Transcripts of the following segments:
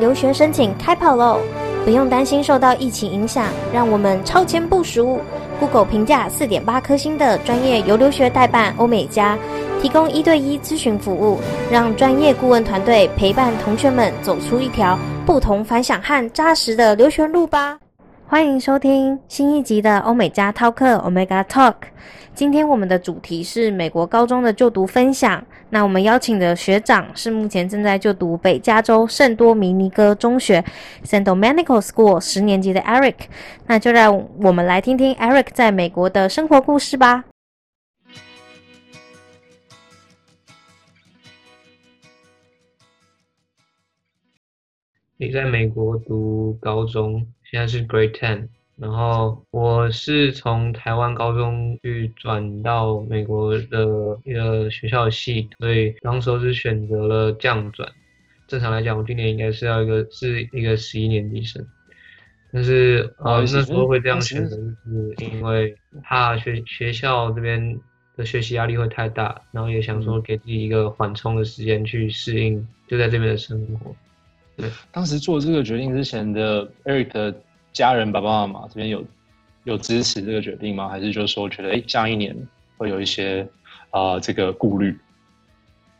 留學申請開跑嘍！不用擔心受到疫情影響，讓我們超前部署。Google 評價四點八顆星的專業遊留學代辦歐美加，提供一對一諮詢服務，讓專業顧問團隊陪伴同學們走出一條不同凡響和扎實的留學路吧。歡迎收聽新一集的歐美加 Talk Omega Talk。今天我們的主題是美國高中的就讀分享。那我們邀請的學長是目前正在就讀北加州聖多明尼哥中學 （San Domenico School） 十年級的 Eric。那就讓我們來聽聽 Eric 在美國的生活故事吧。你在美國讀高中，現在是 Grade Ten。然後我是從台灣高中去轉到美國的一個學校的系，所以當時是選擇了降轉。正常來講，我今年應該是要一個是一個十一年級生，但是呃，那時候會這樣選擇，是因為怕學學校這邊的學習壓力會太大，然後也想說給自己一個緩衝的時間去適應，就在這邊的生活。對，當時做這個決定之前的 Eric。家人爸爸媽媽這邊有有支持這個決定嗎？還是就是說覺得哎、欸，下一年會有一些啊、呃、這個顧慮？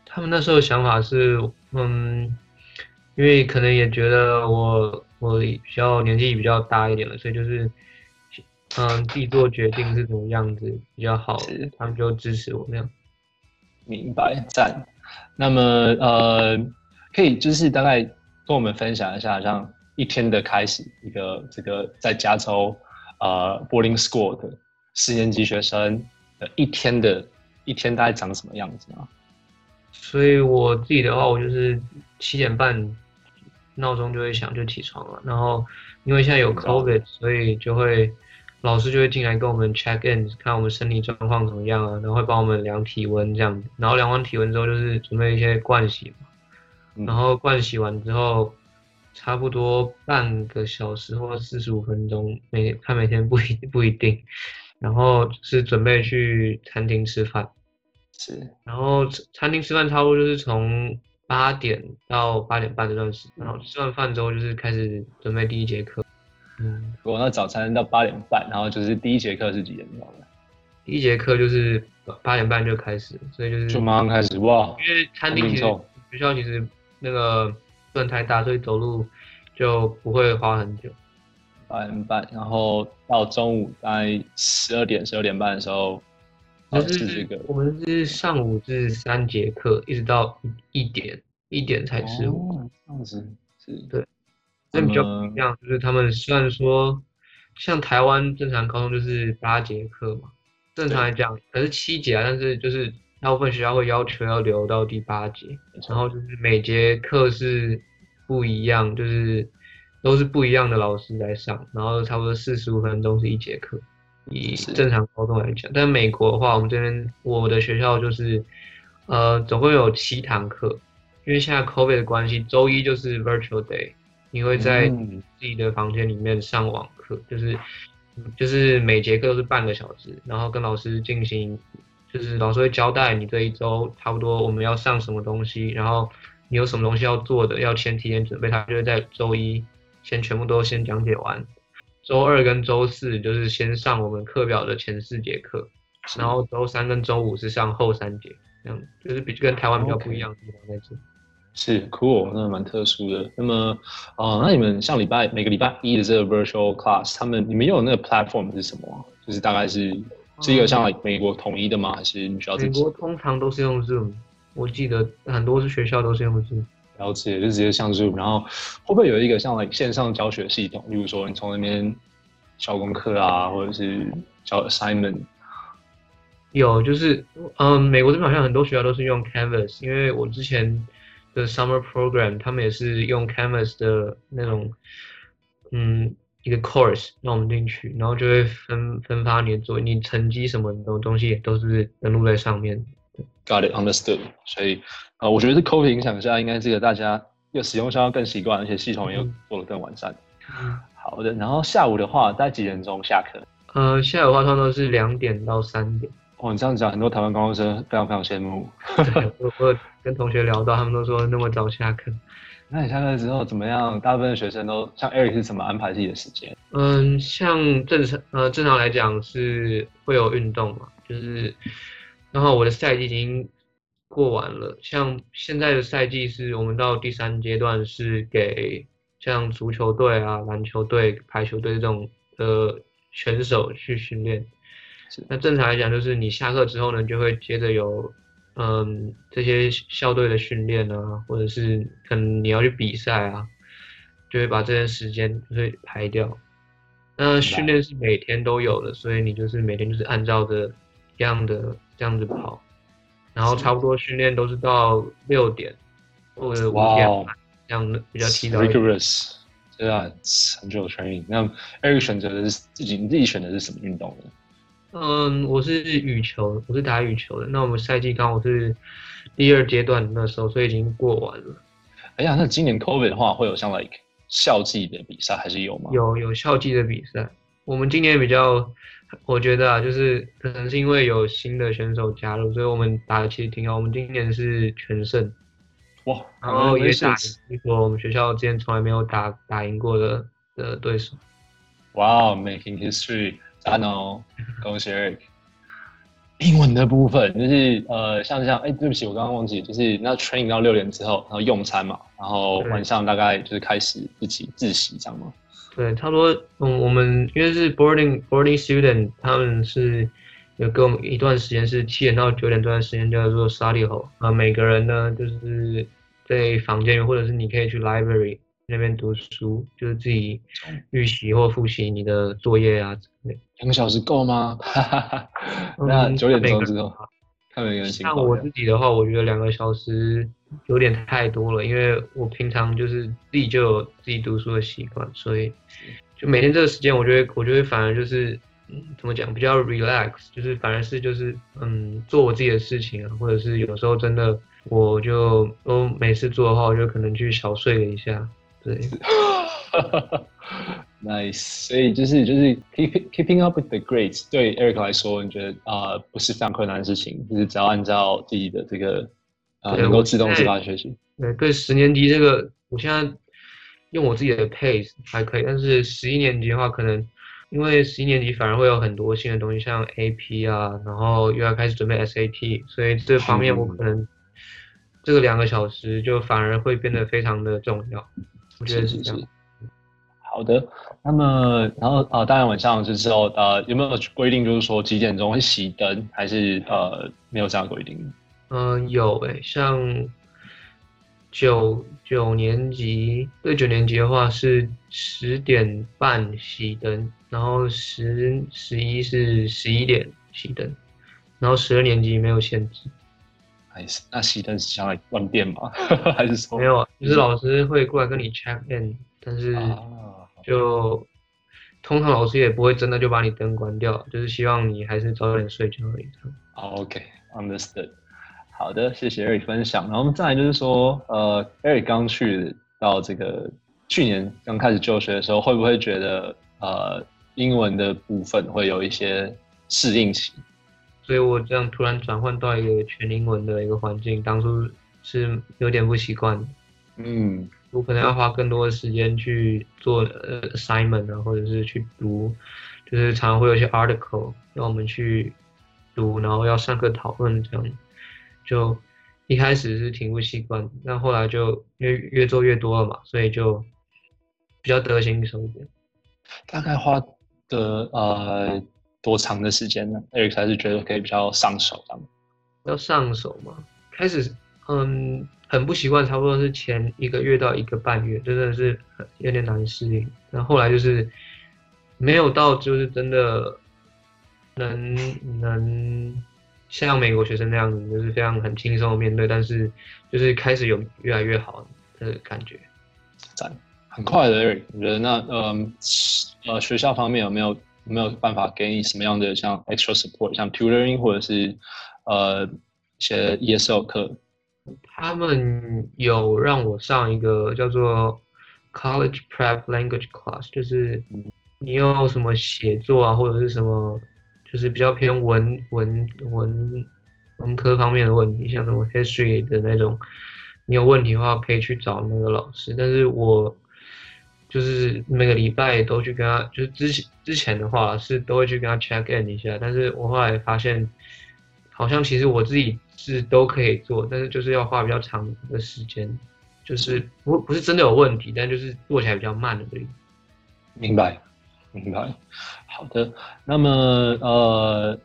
他們那時候想法是，嗯，因為可能也覺得我我比較年紀比較大一點了，所以就是嗯，自己做決定這種樣子比較好，他們就支持我那樣。明白，讚。那麼呃，可以就是大概跟我們分享一下，這樣。一天的開始，一個這個在加州啊、呃、，boarding school 的四年級學生的一天的一天大概長什麼樣子啊？所以我自己的話，我就是七點半鬧鐘就會響，就起床了。然後因為現在有 covid，、嗯、所以就會老師就會進來跟我們 check in，看我們身體狀況怎麼樣啊，然後會幫我們量體溫這樣子。然後量完體溫之後，就是準備一些盥洗嘛。然後盥洗完之後，嗯差不多半個小時，或四十五分鐘，每看每天不一不一定。然後是準備去餐廳吃飯，是。然後餐廳吃飯差不多就是從八點到八點半這段時間。然後吃完飯之後就是開始準備第一節課。嗯，我那早餐到八點半，然後就是第一節課是幾點鐘？第一節課就是八點半就開始，所以就是就馬上開始哇！因為餐廳其實學校其實那個。不算太大，所以走路就不會花很久。八點半，然後到中午大概十二點、十二點半的時候，就、哦這個、是我們是上午是三節課，一直到一，一點，一點才吃午飯、哦。這樣子對，那、嗯、比較不一樣，就是他們雖然說像台灣正常高中就是八節課嘛，正常來講，可是七節啊，但是就是。大部分學校會要求要留到第八節，然後就是每節課是不一樣，就是都是不一樣的老師來上，然後差不多四十五分鐘是一節課，以正常高中來講。但美國的話，我們這邊我的學校就是，呃，總共有七堂課，因為現在 COVID 的關係，週一就是 Virtual Day，你會在你自己的房間裡面上網課，就是就是每節課都是半個小時，然後跟老師進行。就是老師會交代你這一周差不多我們要上什麼東西，然後你有什麼東西要做的，要先提前準備。他就會在周一先全部都先講解完，周二跟周四就是先上我們課表的前四節課，然後周三跟周五是上後三節，這樣就是比跟台灣比較不一樣的地方在這。Okay. 是，cool，那蠻特殊的。那麼，呃、那你們上禮拜每個禮拜一的這個 virtual class，他們你們用的那個 platform 是什麼？就是大概是。是一個像美國統一的嗎？還是學校自己？美國通常都是用 Zoom，我記得很多是學校都是用 Zoom。了解，就直接像 Zoom，然後會不會有一個像線上教學系統？比如說你從那邊交功課啊，或者是交 assignment。有，就是嗯、呃，美國這邊好像很多學校都是用 Canvas，因為我之前的 summer program 他們也是用 Canvas 的那種，嗯。一個 course，弄進去，然後就會分分發你的作業，你成績什麼的東西也都是登錄在上面。Got it, understood。所以，呃，我覺得是 COVID 影響下，應該這個大家又使用上要更習慣，而且系統也做得更完善，嗯。好的，然後下午的話大概幾點鐘下課？嗯、呃，下午的話通常是兩點到三點。我、哦、你這樣講，很多台灣高中生非常非常羨慕。我我跟同學聊到， 他們都說那麼早下課。那你下課之後怎麼樣？大部分的學生都像 Eric 是怎麼安排自己的時間？嗯，像正常呃，正常來講是會有運動嘛，就是，然後我的賽季已經過完了，像現在的賽季是我們到第三階段是給像足球隊啊、籃球隊、排球隊這種的、呃、選手去訓練。那正常來講就是你下課之後呢，你就會接着有。嗯，這些校隊的訓練啊，或者是可能你要去比賽啊，就會把這些時間會排掉。那訓練是每天都有的，所以你就是每天就是按照的這樣的這樣子跑，然後差不多訓練都是到六點或者五點 wow, 這樣比較提早。rigorous 對啊，很久的 training。那 Eric 選擇的是自己，你自己選的是什麼運動呢？嗯，我是羽球，我是打羽球的。那我們賽季剛好是第二階段那時候，所以已經過完了。哎呀，那今年 COVID 的話，會有像 like 校際的比賽還是有嗎？有有，校際的比賽。我們今年比較，我覺得啊，就是可能是因為有新的選手加入，所以我們打的其實挺好。我們今年是全勝，哇！然後也打贏我們學校之前從來沒有打打贏過的的對手。哇，wow，making history！I know。恭喜 Eric。英文的部分就是呃，像這樣，哎、欸，對不起，我剛剛忘記，就是那 training 到六點之後，然後用餐嘛，然後晚上大概就是開始自己自習，這樣嗎？對，差不多。嗯，我們因為是 boarding boarding student，他們是有給我們一段時間是七點到九點這段時間叫做 study hall 那每個人呢就是在房間，或者是你可以去 library。那邊讀書就是自己預習或複習你的作業啊之類，兩個小時夠嗎？ 那九點鐘的話，太沒有那我自己的話，我覺得兩個小時有點太多了，因為我平常就是自己就有自己讀書的習慣，所以就每天這個時間，我覺得我覺得反而就是、嗯、怎麼講，比較 relax，就是反而是就是嗯，做我自己的事情啊，或者是有時候真的我就都沒事做的話，我就可能去小睡了一下。對，哈 哈哈 Nice，所以就是就是 keeping keeping up with the grades，對 Eric 來說，你覺得啊、呃、不是非常困難的事情，就是只要按照自己的這個啊、呃、能夠自動自發學習。對，對，十年級這個，我現在用我自己的 pace 還可以，但是十一年級的話，可能因為十一年級反而會有很多新的東西，像 AP 啊，然後又要開始準備 SAT。所以這方面我可能這個兩個小時就反而會變得非常的重要。嗯我覺得是這樣。好的，那麼然後啊，當、呃、然晚上就是說，呃，有沒有規定就是說幾點鐘會熄燈，還是呃沒有這樣規定？嗯、呃，有誒、欸，像九九年級對九年級的話是十點半熄燈，然後十十一是十一點熄燈，然後十二年級沒有限制。還是那熄燈是想來斷電嗎？ 還是說沒有？就是老師會過來跟你 check in，但是就通常老師也不會真的就把你燈關掉，就是希望你還是早一點睡覺而已。好，OK，understood, okay. 好的，謝謝 Eric 分享。然後再來就是說，呃，Eric 剛去到這個去年剛開始就學的時候，會不會覺得呃，英文的部分會有一些適應期？所以我這樣突然轉換到一個全英文的一個環境，當初是有點不習慣。嗯，我可能要花更多的時間去做呃 assignment 啊，或者是去讀，就是常常會有些 article 讓我們去讀，然後要上課討論這樣，就一開始是挺不習慣，但後來就越越做越多了嘛，所以就比較得心應手一點。大概花的呃。多長的時間呢？Eric 還是覺得可以比較上手，要上手嗎？開始，嗯，很不習慣，差不多是前一個月到一個半月，真的是有點難適應。那後來就是沒有到，就是真的能能像美國學生那樣子，就是非常很輕鬆的面對。但是就是開始有越來越好的感覺，讚，很快的 Eric。你覺得那，嗯，呃，學校方面有沒有？沒有辦法給你什麼樣的像 extra support，像 tutoring，或者是，呃寫 ESL 課。他們有讓我上一個叫做 college prep language class，就是你有什麼寫作啊，或者是什麼，就是比較偏文文文文科方面的問題，像什麼 history 的那種，你有問題的話可以去找那個老師。但是我。就是每個禮拜都去跟他，就是之前之前的話是都會去跟他 check in 一下，但是我後來發現，好像其實我自己是都可以做，但是就是要花比較長的時間，就是不不是真的有問題，但就是做起來比較慢而已。明白，明白。好的，那麼呃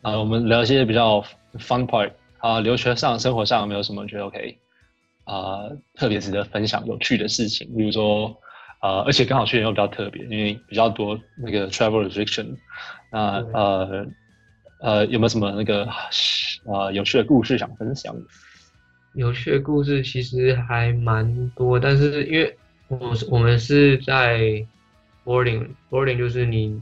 啊，呃，我們聊一些比較 fun part 啊，呃，留學上、生活上有沒有什麼覺得 OK 啊，呃，特別值得分享、有趣的事情，比如說。啊、呃，而且剛好去年又比較特別，因為比較多那個 travel restriction，呃。那呃呃，有沒有什麼那個呃有趣的故事想分享？有趣的故事其實還蠻多，但是因為我我們是在 boarding，boarding，嗯、就是你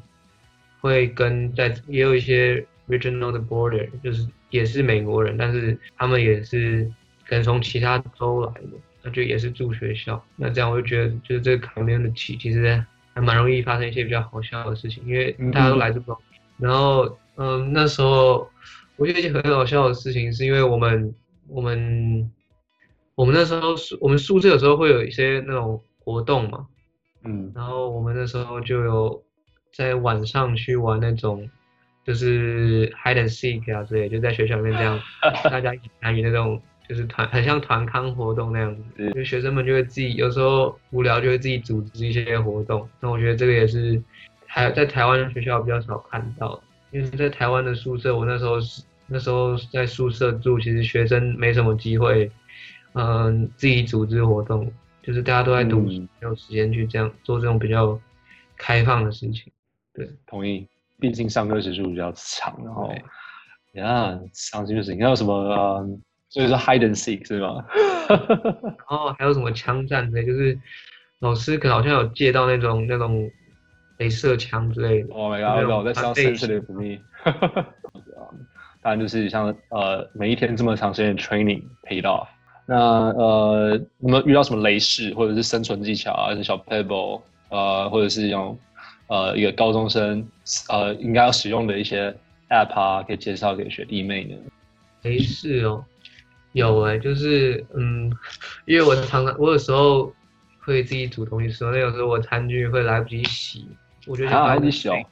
會跟在也有一些 regional 的 border，就是也是美國人，但是他們也是可能從其他州來的。那就也是住學校，那這樣我就覺得，就是這個旁邊的起，其實還蠻容易發生一些比較好笑的事情，因為大家都來自不同。然後，嗯，那時候我覺得一件很好笑的事情，是因為我們我們我們那時候我們宿舍有時候會有一些那種活動嘛，嗯，然後我們那時候就有在晚上去玩那種就是 hide and seek 啊之類，就在學校裡面這樣 大家一起參與那種。就是團很像團康活動那樣子，就學生們就會自己有時候無聊就會自己組織一些活動。那我覺得這個也是，還在台灣學校比較少看到，因為在台灣的宿舍，我那時候是那時候在宿舍住，其實學生沒什麼機會，嗯、呃，自己組織活動，就是大家都在讀，沒、嗯、有時間去這樣做這種比較開放的事情。對，同意，畢竟上課時間比較長，然後呀上去就行，還有什麼、啊？就是 hide and seek 是嗎？然 後、哦、還有什麼槍戰的？就是老師可能好像有借到那種那種雷射槍之類的。Oh my god！我在上生存的不密。Know, me. Me. 當然就是像呃每一天這麼長時間的 training paid off。那呃有沒有遇到什麼雷士或者是生存技巧啊？一些小 pebble 呃或者是用呃一個高中生呃應該要使用的一些 app 啊，可以介紹給學弟妹呢？雷事哦。有哎、欸，就是嗯，因為我常常我有時候會自己煮東西吃，那有時候我餐具會來不及洗，我覺得好像還好，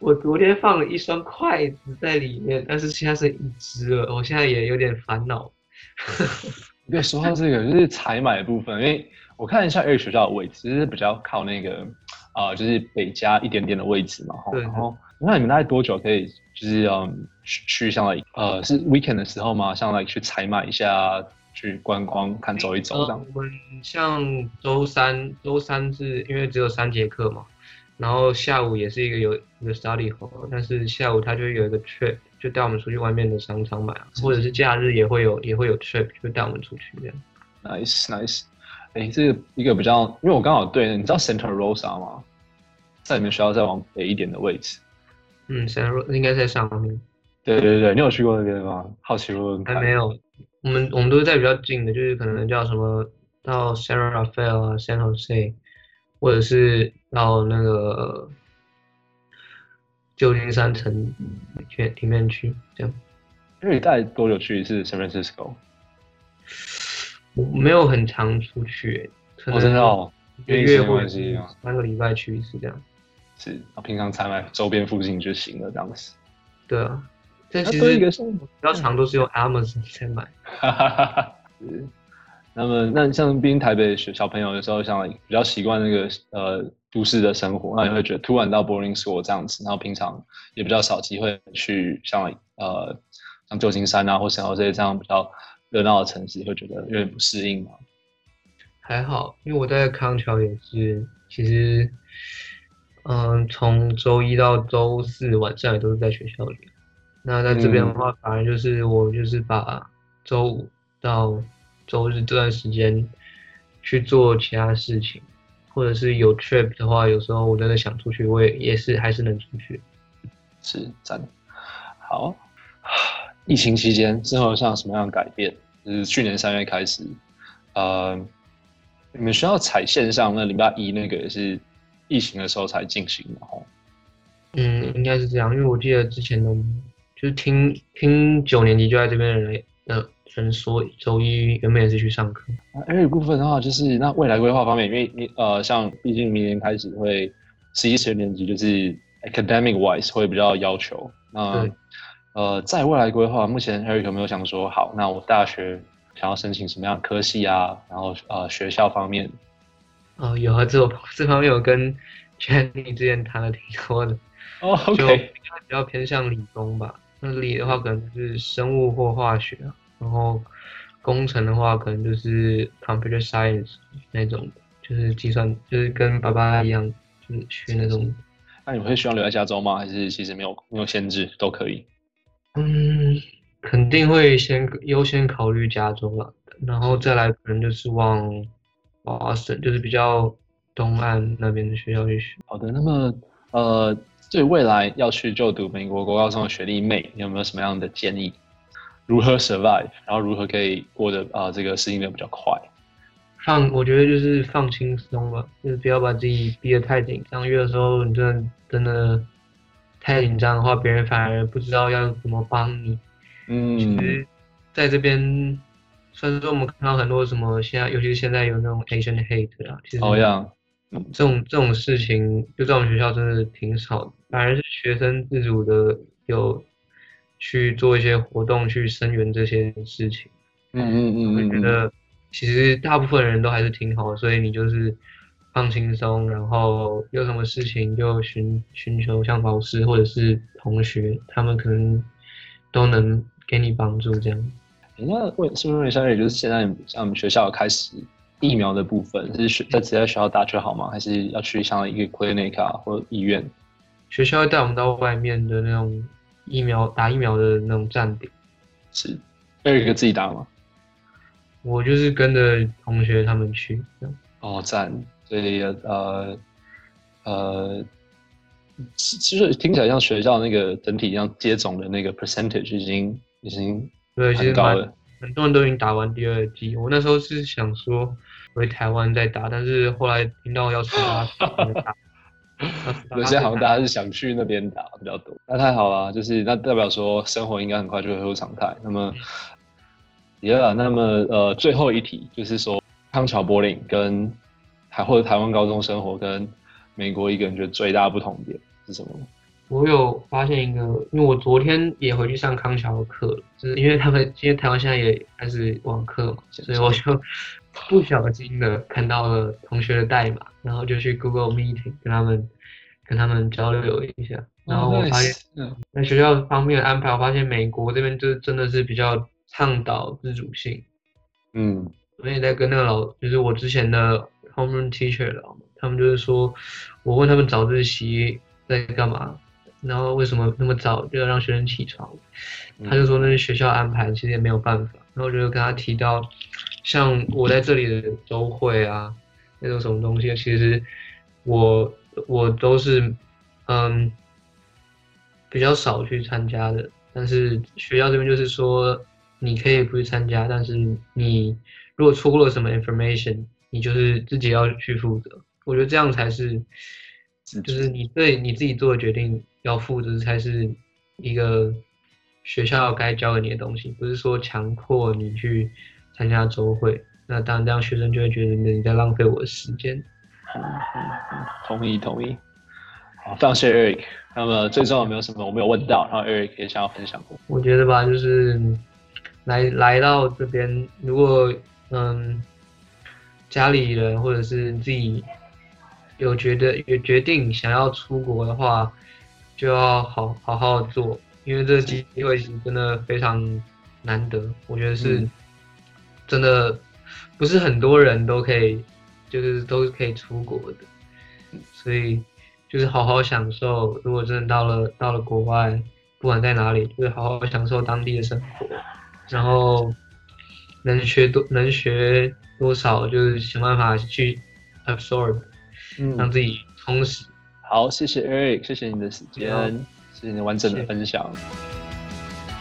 我昨天放了一雙筷子在裡面，但是現在是一隻了，我現在也有點煩惱。 對，說到這個，就是採買的部分，因為我看一下二學校的位置，其、就是比較靠那個啊、呃，就是北加一點點的位置嘛。對，對，對。然後，那你們大概多久可以，就是要？嗯去像來呃是 weekend 的時候嘛，像來去採買一下，去觀光看走一走這樣。我們像周三，周三是因為只有三節課嘛，然後下午也是一個有一個 study hall，但是下午他就有一個 trip，就帶我們出去外面的商場買，嗯、或者是假日也會有也會有 trip，就帶我們出去這樣。Nice nice，誒、欸，這是、個、一個比較，因為我剛好對，你知道 Santa Rosa 嗎？在你們學校再往北一點的位置。嗯，Santa Rosa 應該在上面。對對對，你有去過那邊嗎？好奇問。還沒有，我們我們都是在比較近的，就是可能叫什麼到 San Rafael 啊，San Jose 或者是到那個舊金山城裡面去這樣。那你大概多久去一次？San Francisco？我沒有很常出去，欸，我真的，因為我是三個禮拜去是這樣。哦哦，是平常在周邊附近就行了，這樣子。對啊。但其實比較長都是用 Amazon 先買。哈哈哈哈哈。那麼，那像畢竟台北學小朋友有時候像比較習慣那個呃都市的生活，那你會覺得突然到 boarding school 這樣子、嗯，然後平常也比較少機會去像呃像舊金山啊或什麼這些這樣比較熱鬧的城市，會覺得有點不適應嗎？還好，因為我在康橋也是，其實嗯從周一到周四晚上也都是在學校裡。那在這邊的話，反、嗯、而就是我就是把周五到周日這段時間去做其他事情，或者是有 trip 的話，有時候我真的想出去，我也也是還是能出去，是的。好，疫情期間之後像什麼樣的改變？就是去年三月開始，呃，你們需要踩線上那禮拜一那個也是疫情的時候才進行的哦、嗯。嗯，應該是這樣，因為我記得之前的。就聽聽九年級就在這邊的的人說，周一有沒有興趣上課。Eric、uh, 部分的話，就是那未來規劃方面，因為你呃，像畢竟明年開始會十一學年級，就是 academic wise 會比較要求。那呃，在未來規劃，目前 Eric 有沒有想說，好，那我大學想要申請什麼樣的科系啊？然後呃，學校方面，哦、uh,，有啊，這我這方面我跟 Jenny 之前談了挺多的。哦、oh,，OK，就比較偏向理工吧。那理的話可能就是生物或化學啊，然後工程的話可能就是 computer science 那種，就是計算，就是跟爸爸一樣，就是學那種是是。那你們會需要留在加州嗎？還是其實沒有沒有限制，都可以？嗯，肯定會先優先考慮加州了，然後再來可能就是往華盛頓，就是比較東岸那邊的學校去學。好的，那麼。呃，對未來要去就讀美國國高中的學弟妹，你有沒有什麼樣的建議？如何 survive，然後如何可以過得啊、呃、這個適應得比較快？放，我覺得就是放輕鬆吧，就是不要把自己逼得太緊。當遇的時候，你真的真的太緊張的話，別人反而不知道要怎麼幫你。嗯。其實，在這邊，算是說我們看到很多什麼，現在尤其是現在有那種 Asian hate 啊，其實好。好嗯、這種這種事情，就在我們學校真的挺少的，反而是學生自主的有去做一些活動去聲援這些事情。嗯嗯嗯，我覺得其實大部分人都還是挺好，所以你就是放輕鬆，然後有什麼事情就尋尋求像老師或者是同學，他們可能都能給你幫助這樣。那為是不是相當於就是現在像我們學校開始。疫苗的部分是學在只在學校打就好嗎？還是要去像一個 clinic 或醫院？學校會帶我們到外面的那種疫苗打疫苗的那種站點。是，另一個自己打嗎？我就是跟着同學他們去。這樣哦，讚。所以呃呃，其、呃、實聽起來像學校那個整體像接種的那個 percentage 已經已經，對，很高了，很多人都已經打完第二劑。我那時候是想說。回台灣再打，但是後來聽到我要出發，有 些好像大家是想去那邊打比較多。那太好了，就是那代表說生活應該很快就會恢復常態，那麼也有、啊、那麼呃最後一題就是說，康橋柏林跟台或者台灣高中生活跟美國，一個人覺得最大不同點是什麼呢？我有發現一個，因為我昨天也回去上康橋的課，就是因為他們今天台灣現在也開始網課嘛，所以我就不小心的看到了同學的代碼，然後就去 Google Meeting 跟他們跟他們交流一下，然後我發現那、oh, nice. 學校方面的安排，我發現美國這邊就是真的是比較倡導自主性，嗯，我也在跟那個老，就是我之前的 homeroom teacher 哈，他們就是說我問他們早自習在幹嘛。然後為什麼那麼早就要讓學生起床？他就說那是學校的安排，其實也沒有辦法。然後我就跟他提到，像我在這裡的週會啊，那種什麼東西，其實我我都是嗯比較少去參加的。但是學校這邊就是說，你可以不去參加，但是你如果錯過了什麼 information，你就是自己要去負責。我覺得這樣才是，就是你對你自己做的決定。要負責才是一個學校該教給你的東西，不是說強迫你去參加週會。那當然，這樣學生就會覺得你在浪費我的時間。同意，同意。好，非常謝謝 Eric。那麼最終有沒有什麼我沒有問到，然後 Eric 也想要分享過。我覺得吧，就是來來到這邊，如果嗯家裡人或者是自己有覺得有決定想要出國的話。就要好好好做，因為這機會是真的非常難得，我覺得是真的不是很多人都可以，就是都是可以出國的，所以就是好好享受。如果真的到了到了國外，不管在哪裡，就是好好享受當地的生活，然後能學多能學多少，就是想辦法去 absorb，讓自己充實。嗯好，謝謝 Eric，謝謝你的時間，嗯、謝謝你完整的分享。謝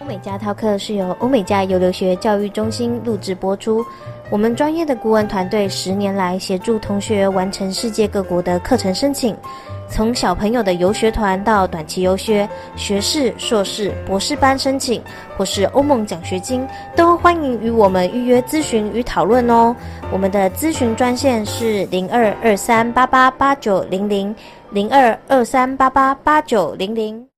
謝歐美加套 a 是由歐美加遊留學教育中心錄製播出，我們專業的顧問團隊十年來協助同學完成世界各國的課程申請。從小朋友的遊學團到短期遊學、學士、碩士、博士班申請，或是歐盟獎學金，都歡迎與我們預約諮詢與討論哦。我們的諮詢專線是零二二三八八八九零零，零二二三八八八九零零。